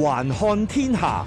環看天下。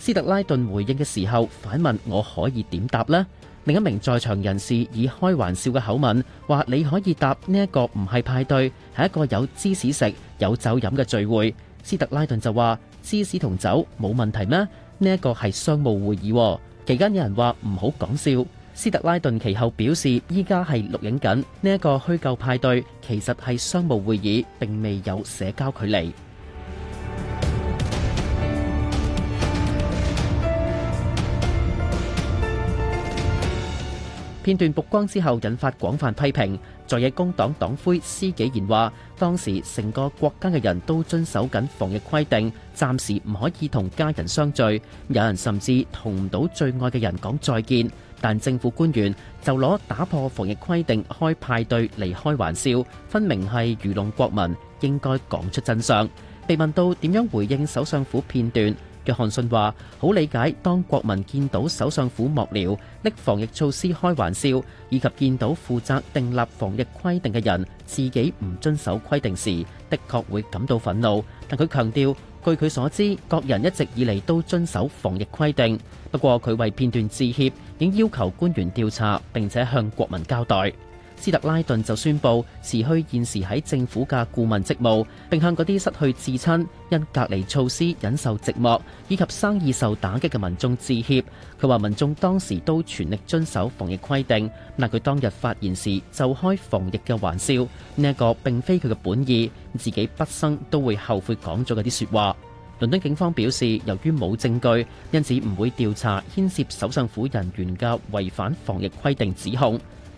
斯特拉頓回應嘅時候反問，我可以點答呢？另一名在場人士以開玩笑嘅口吻話，你可以答呢一個唔係派對係一個有芝士食、有酒飲嘅聚會。斯特拉頓就話，芝士同酒冇問題咩？呢一個係商務會議啊。期間有人話唔好講笑。斯特拉頓其後表示依家係錄影緊呢一個虛構派對，其實係商務會議，並未有社交距離。片段曝光之後，引發廣泛批評。在野工黨黨魁施紀賢話：當時成個國家嘅人都遵守緊防疫規定，暫時唔可以同家人相聚，有人甚至同唔到最愛嘅人講再見。但政府官員就攞打破防疫規定開派對嚟開玩笑，分明係愚弄國民。應該講出真相。被問到點樣回應首相府片段？約翰遜話，好理解當國民見到首相府幕僚拎防疫措施開玩笑，以及見到負責訂立防疫規定嘅人自己唔遵守規定時的確會感到憤怒。但佢強調，據佢所知，國人一直以嚟都遵守防疫規定。不過佢為片段致歉，已經要求官員調查，並且向國民交代。斯特拉頓就宣布辭去現時喺政府嘅顧問職務，並向嗰啲失去至親、因隔離措施忍受寂寞以及生意受打擊嘅民眾致歉。佢話民眾當時都全力遵守防疫規定，但佢當日發言時就開防疫嘅玩笑，呢一個並非佢嘅本意，自己畢生都會後悔講咗嗰啲說話。倫敦警方表示，由於冇證據，因此唔會調查牽涉首相府人員嘅違反防疫規定指控。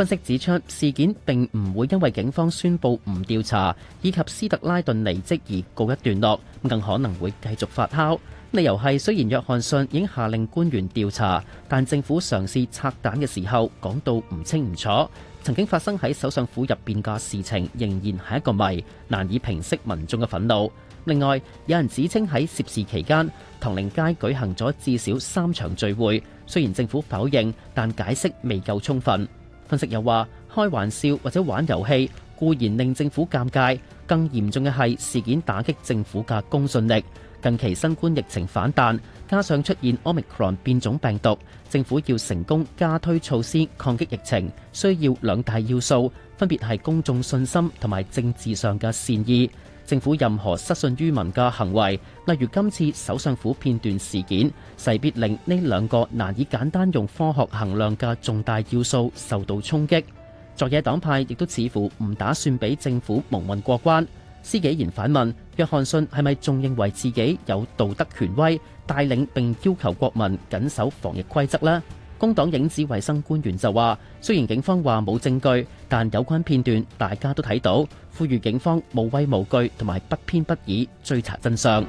分析指出，事件並唔會因為警方宣佈唔調查以及斯特拉頓離職而告一段落，咁更可能會繼續發酵。理由係，雖然約翰遜已經下令官員調查，但政府嘗試拆彈嘅時候講到唔清唔楚，曾經發生喺首相府入邊嘅事情仍然係一個謎，難以平息民眾嘅憤怒。另外，有人指稱喺涉事期間，唐寧街舉行咗至少三場聚會，雖然政府否認，但解釋未夠充分。分析又話，開玩笑或者玩遊戲固然令政府尷尬，更嚴重嘅係事件打擊政府嘅公信力。近期新冠疫情反彈，加上出現 Omicron 變種病毒，政府要成功加推措施抗擊疫情，需要兩大要素，分別係公眾信心同埋政治上嘅善意。政府任何失信於民嘅行為，例如今次首相府片段事件，勢必令呢兩個難以簡單用科學衡量嘅重大要素受到衝擊。在野黨派亦都似乎唔打算俾政府蒙混過關。施紀賢反問：約翰遜係咪仲認為自己有道德權威，帶領並要求國民謹守防疫規則咧？工黨影子衛生官員就話，雖然警方話冇證據，但有關片段大家都睇到，呼籲警方無畏無懼同埋不偏不倚追查真相。